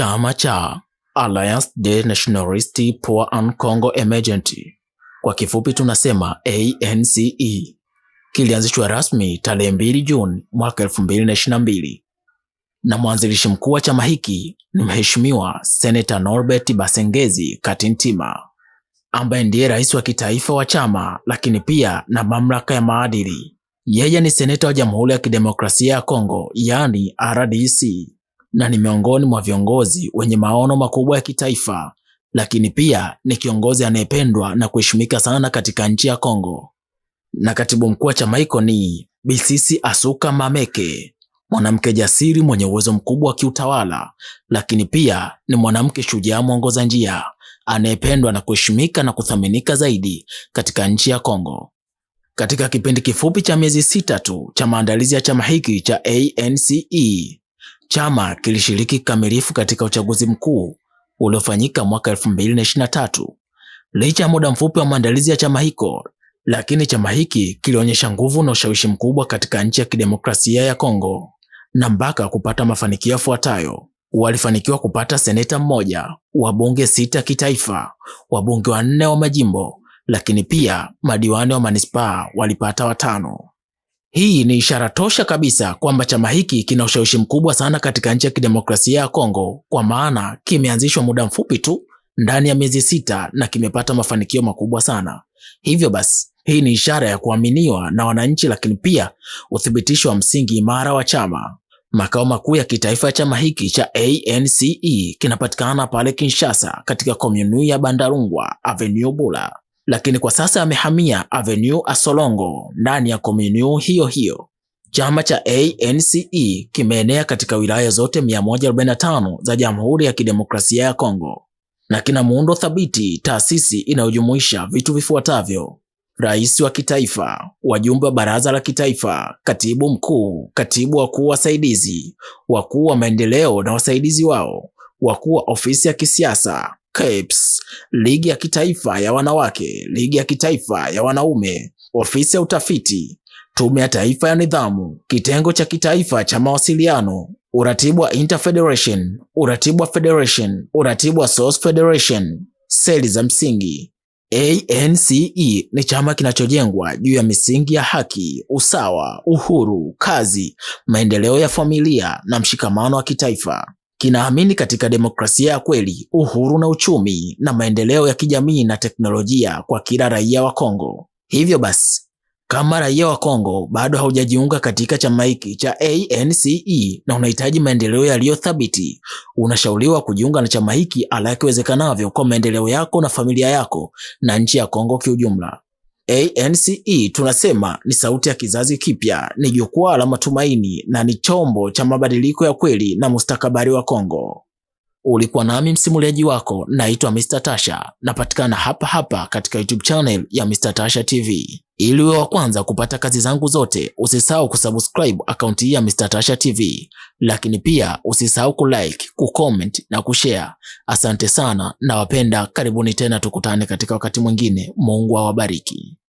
chama cha Alliance de Nationalistes pour un Congo Emergent, kwa kifupi tunasema ance kilianzishwa rasmi tarehe 2 Juni mwaka 2022 na mwanzilishi mkuu wa chama hiki ni Mheshimiwa Seneta Norbert Basengezi Katintima ambaye ndiye rais wa kitaifa wa chama lakini pia na mamlaka ya maadili. Yeye ni seneta wa Jamhuri ya Kidemokrasia ya Kongo, yani RDC na ni miongoni mwa viongozi wenye maono makubwa ya kitaifa, lakini pia ni kiongozi anayependwa na kuheshimika sana katika nchi ya Kongo. Na katibu mkuu wa chama hiko ni Bisisi Asuka Mameke, mwanamke jasiri mwenye uwezo mkubwa wa kiutawala, lakini pia ni mwanamke shujaa mwongoza njia anayependwa na kuheshimika na kuthaminika zaidi katika nchi ya Kongo. Katika kipindi kifupi cha miezi sita tu cha maandalizi ya chama hiki cha ANCE, Chama kilishiriki kikamilifu katika uchaguzi mkuu uliofanyika mwaka 2023 licha ya muda mfupi wa maandalizi ya chama hiko, lakini chama hiki kilionyesha nguvu na ushawishi mkubwa katika nchi ya kidemokrasia ya Kongo na mpaka kupata mafanikio yafuatayo. Walifanikiwa kupata seneta mmoja, wabunge sita kitaifa, wabunge wanne wa majimbo, lakini pia madiwani wa manispaa walipata watano. Hii ni ishara tosha kabisa kwamba chama hiki kina ushawishi mkubwa sana katika nchi ya kidemokrasia ya Kongo, kwa maana kimeanzishwa muda mfupi tu ndani ya miezi sita na kimepata mafanikio makubwa sana. Hivyo basi, hii ni ishara ya kuaminiwa na wananchi, lakini pia uthibitisho wa msingi imara wa chama. Makao makuu ya kitaifa ya chama hiki cha ANCE kinapatikana pale Kinshasa, katika komunu ya Bandarungwa Avenue Bula lakini kwa sasa amehamia Avenue Asolongo ndani ya komuniu hiyo hiyo. Chama cha ance kimeenea katika wilaya zote 145 za Jamhuri ya Kidemokrasia ya Kongo na kina muundo thabiti, taasisi inayojumuisha vitu vifuatavyo: rais wa kitaifa, wajumbe wa baraza la kitaifa, katibu mkuu, katibu wakuu wasaidizi, wakuu wa maendeleo na wasaidizi wao, wakuu wa ofisi ya kisiasa, KEPS, ligi ya kitaifa ya wanawake, ligi ya kitaifa ya wanaume, ofisi ya utafiti, tume ya taifa ya nidhamu, kitengo cha kitaifa cha mawasiliano, uratibu wa interfederation, uratibu wa federation, uratibu wa source federation. Seli za msingi. ANCE ni chama kinachojengwa juu ya misingi ya haki, usawa, uhuru, kazi, maendeleo ya familia na mshikamano wa kitaifa kinaamini katika demokrasia ya kweli, uhuru na uchumi na maendeleo ya kijamii na teknolojia kwa kila raia wa Kongo. Hivyo basi, kama raia wa Kongo bado haujajiunga katika chama hiki cha ANCE na unahitaji maendeleo yaliyo thabiti, unashauriwa kujiunga na chama hiki haraka iwezekanavyo kwa maendeleo yako na familia yako na nchi ya Kongo kiujumla. ANCE tunasema ni sauti ya kizazi kipya, ni jukwaa la matumaini na ni chombo cha mabadiliko ya kweli na mustakabali wa Kongo. Ulikuwa nami msimuliaji wako, naitwa Mr Tasha, napatikana hapa hapa katika YouTube channel ya Mr Tasha TV. Ili uwe wa kwanza kupata kazi zangu zote, usisahau kusubscribe akaunti hii ya Mr Tasha TV, lakini pia usisahau kulike, kucomment na kushare. Asante sana, nawapenda. Karibuni tena, tukutane katika wakati mwingine. Mungu awabariki.